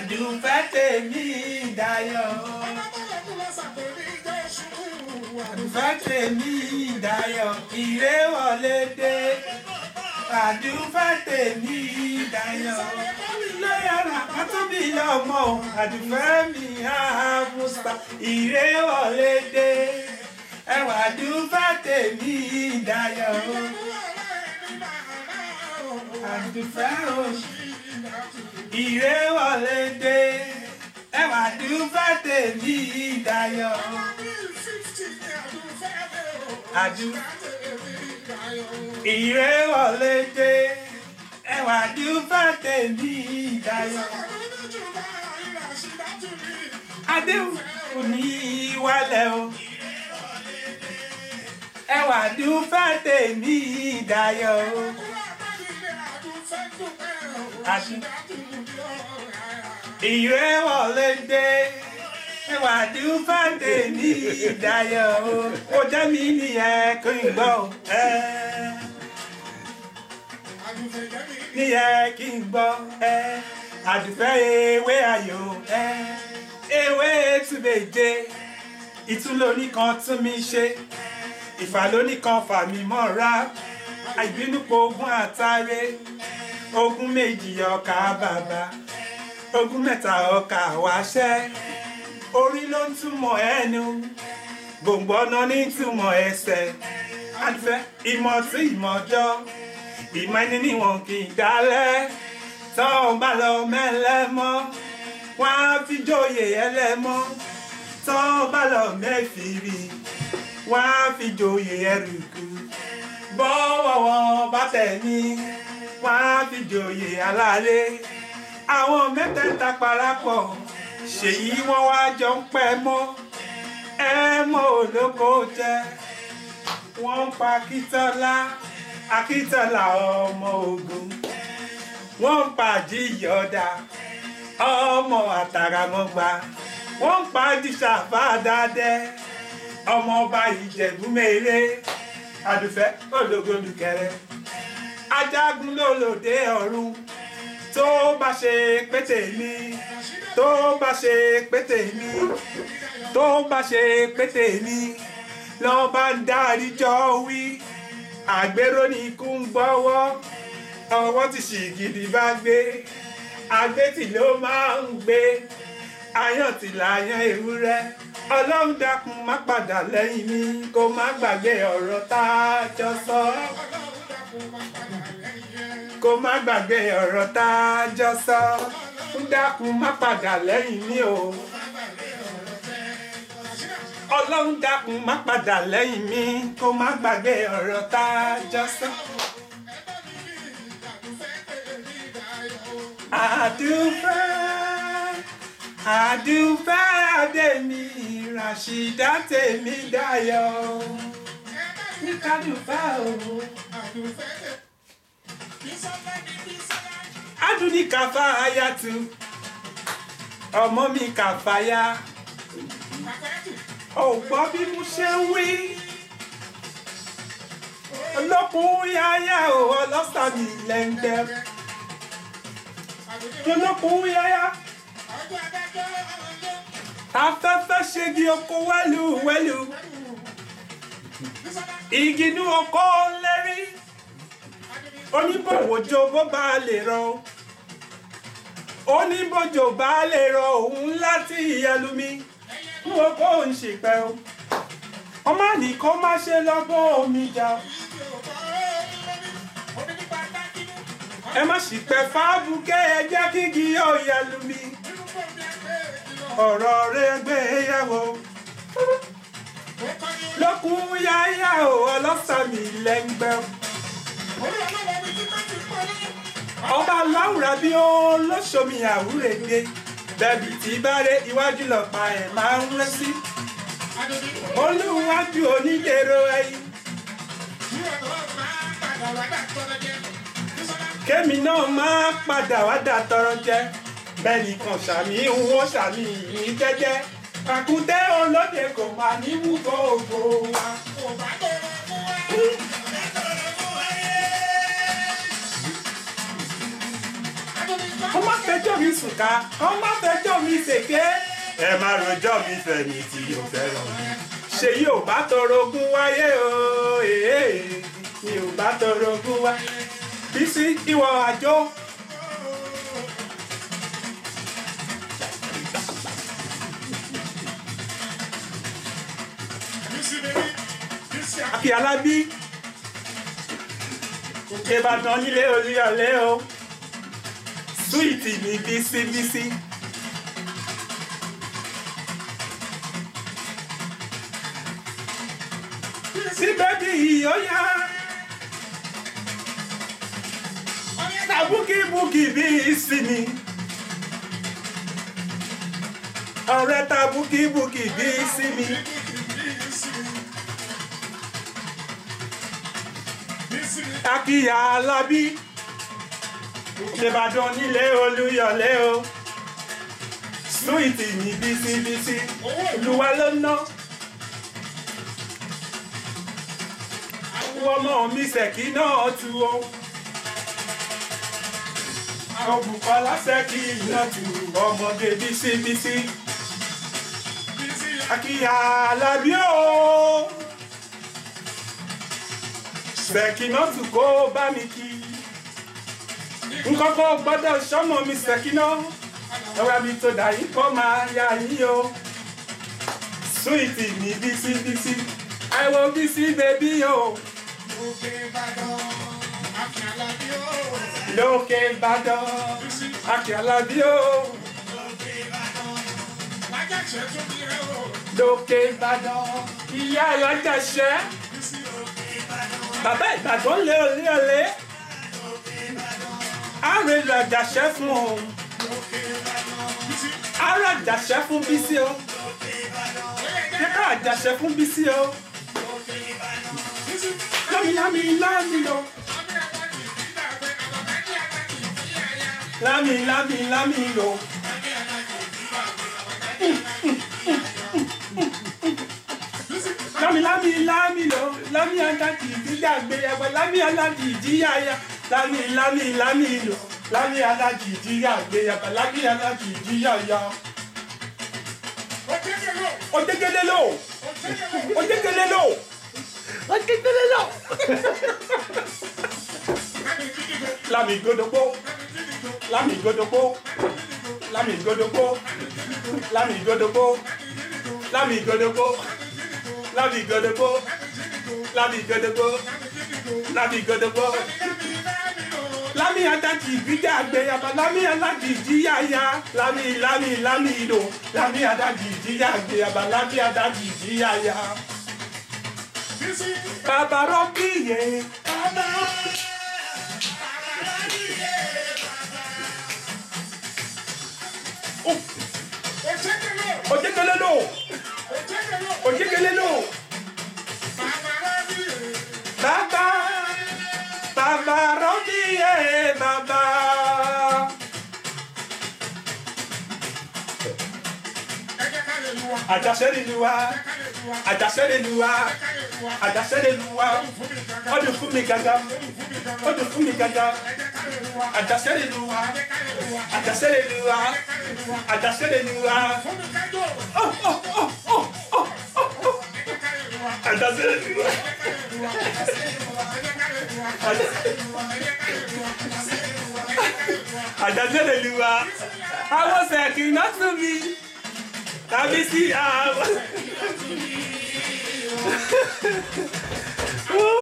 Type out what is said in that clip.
àdùnfẹ́ tèmi dayọ̀ àdùnfẹ́ tèmi dayọ̀ ìrè wọlé dé àdùnfẹ́ tèmi dayọ̀ lọ́yọ̀rọ̀ àtúbí lọ́mọ àdùnfẹ́ mi àmústa ìrè wọlé dé ẹwà àdùnfẹ́ tèmi dayọ̀ àdùnfẹ́ òṣì ìrẹ́ wọlé dé ẹwà dúpẹ́ tèmi ìdáyọ̀. ìrẹ́ wọlé dé ẹwà dúpẹ́ tèmi ìdáyọ̀. adéhùn kò ní wálẹ̀ o ẹwà dúpẹ́ tèmi ìdáyọ̀. Àṣìṣe ìwé wọlé dé wàdúfà tèmi ìdáyọ̀ o kò jẹ́ mi nìyẹn kí n gbọ́ o. nìyẹn kí n gbọ́ àdùfẹ́ ewé ayò ewé túbèje ìtúlò nìkan tún mi ṣe ìfà lónìkan fà mí mọ́ra àìbínú pogún àtàrẹ ogún méjì ọkà bàbá ogún mẹ́ta ọkà wá ṣẹ́ orí ló ń túmọ̀ ẹnu gbòǹgbọ́nà ní túmọ̀ ẹsẹ̀ àdìfẹ́ ìmọ̀ sí ìmọ̀jọ́ ìmọ̀ ẹni níwọ̀n kì í dálẹ́ tọ́hún bá lọ mẹ́lẹ́mọ́ wọ́n á fi jóyè ẹlẹ́mọ́ tọ́hún bá lọ mẹ́fìrì wọ́n á fi jóyè ẹrùkù bọ́wọ́ wọn bá tẹ̀ ní wọ́n á fi jóyè alálẹ́ àwọn mẹ́tẹ̀ẹ̀ta parapọ̀ ṣèyí wọ́n wá jọ ń pẹ́ mọ́ ẹ mọ́ olóko jẹ wọ́n ń pa akíntọ́lá akíntọ́lá ọmọ ogun wọ́n ń pa àjíyọ̀dá ọmọ àtàràmọ́gba wọ́n ń pa àdìsá fàdádẹ́ ọmọ ọba ìjẹ̀bú mẹ́rẹ́ àdùfẹ́ ológo olùkẹrẹ ajagun lólòdé ọ̀run tó bá ṣe pété mi tó bá ṣe pété mi tó bá ṣe pété mi lọ́n bá ń dárí jọ wí àgbérò ní ikú ń gbọ́wọ́ ọwọ́ tí ṣìgìdì bá gbé agbétì ló máa ń gbé ayán ti láyán ewúrẹ́ ọlọ́run dákun má padà lẹ́yìn mi kó má gbàgbé ọ̀rọ̀ tá a jọ sọ kó má gbàgbé ọ̀rọ̀ tá a jọ sọ ń dákun má padà lẹ́yìn mi o ọlọ́run dákun má padà lẹ́yìn mi kó má gbàgbé ọ̀rọ̀ tá a jọ sọ. àdúfẹ́ àdúfẹ́ adémi ràṣídá tèmi dáyọ̀ ní kádùfẹ́ o àdúfẹ́ tèmi adùnní kàfà àyà tù ọmọ mi kàfà yá ọ̀gbọ́n bí mo ṣe ń wí olókun yáyà o ọlọ́sàn mi lẹ́ńgbẹ́ olókun yáyà afẹ́fẹ́ ṣegi oko wẹ́lú wẹ́lú igi inú oko lérí oníbòwòjò bó bá a lè rọ oníbòjò bá a lè rọ òun láti ìyálumi n wo kó ń ṣèpẹ́ o ọmọ nìkan má ṣe lọ́gbọ́n omi jà ẹ má sì pẹ́ fábùkẹ́ ẹ jẹ́ kí igi yóò yálumi ọ̀rọ̀ rẹ gbé e yẹ̀wò lókun yáyà ò ọlọ́sàmì lẹ́ngbẹ́ ọba aláwùrà bí ó lọ́sọmi àwúrèdè bẹ̀bí tí báre iwájú lọ́pàá ẹ̀ máa ń rán sí olúwájú onídèrò ẹyí. kémi náà máa padà wá dà tọrọ jẹ bẹ́ẹ̀ nìkan sàmì ń wọ́n sàmì yìí jẹ́jẹ́ àkútẹ́ olóde kò máa ní wúkọ́ ògbó wa. ìka ọ má fẹjọ́ mi ṣèké ẹ má rojọ́ mi fẹ̀yìn tí yóò fẹ́ràn mi ṣèyí ò bá tọrọ ogún wáyé o mi ò bá tọrọ ogún wáyé Bísí ìwọ àjọ. Akíyàlá bí Ìbàdàn nílé Olúyọ̀lé o. Sweetie, baby, see oh, oh, me, oh Oh yeah. スイーツにビシビシ。síbẹ̀ bí iyọ̀ yá. ta búkìbúkì bí ìsinmi. ọ̀rẹ́ ta búkìbúkì bí ìsinmi. akíyà alábí. Ìbàdàn nílé Olúyọ̀lé o súwìtì ní bísíbísí Olúwa ló ná. àwọn ọmọ mi ṣèkí náà tu o. àwọn Bùkọ́lá ṣèkí iná tu ọmọge bísíbísí. Àkìyà Àlàbí o. ṣèkí náà tù kó bá mi kí nkọ́kọ́ gbọ́dọ̀ sọ́mọ mi sẹ́kínà ẹwà mi tó dà yín kọ́ máa ya yín o súwìtì ní bísí bísí àìwọ bísí bèbí o. lókè ìbàdàn akínyàlábí o. lókè ìbàdàn akínyàlábí o. lókè ìbàdàn lájàṣẹ́ tó bí rẹ o. lókè ìbàdàn ìyá alájàṣẹ́. bàbá ìbàdàn lé olé olé àrèlà àjàṣẹ́ fún o ara àjàṣẹ́ fún Bísí o kíkà àjàṣẹ́ fún Bísí o lámìlámì lámì o lámìlámì lámì o. Lami lami lami lo, lami anta ti ti dagbe, ẹgbẹ lami anta ti ti yaya. Lami lami lami lò lami alájì ìdíyà gbé yàtọ̀ lami alájì ìdíyà ya. òjégélé lò òjégélé lò òjégélé lò. Lami gbódògbó Lami gbódògbó Lami gbódògbó Lami gbódògbó Lami gbódògbó Lami gbódògbó Lami gbódògbó Lami gbódògbó lami adadi ìbíjà àgbẹ̀yàmà lami adadi ìjìyà ya lami lami lami ìlò lami adadi ìjìyà àgbẹ̀yàmà lami adadi ìjìyà ya. baba, rọ́bìyẹ. bàbá rọ́bìyẹ bàbá. òjèkèlè lò. òjèkèlè lò. òjèkèlè lò. àjàṣẹ́rìnlúwa àjàṣẹ́rìnlúwa àjàṣẹ́rìnlúwa ó dùn fún mi gàgà ó dùn fún mi gàgà àjàṣẹ́rìnlúwa àjàṣẹ́rìnlúwa àjàṣẹ́rìnlúwa oh oh oh oh oh oh, oh. àjàṣẹ́rìnlúwa. àjàṣẹ́rìnlúwa. àjàṣẹ́rìnlúwa. I was acting not to me. Tá ah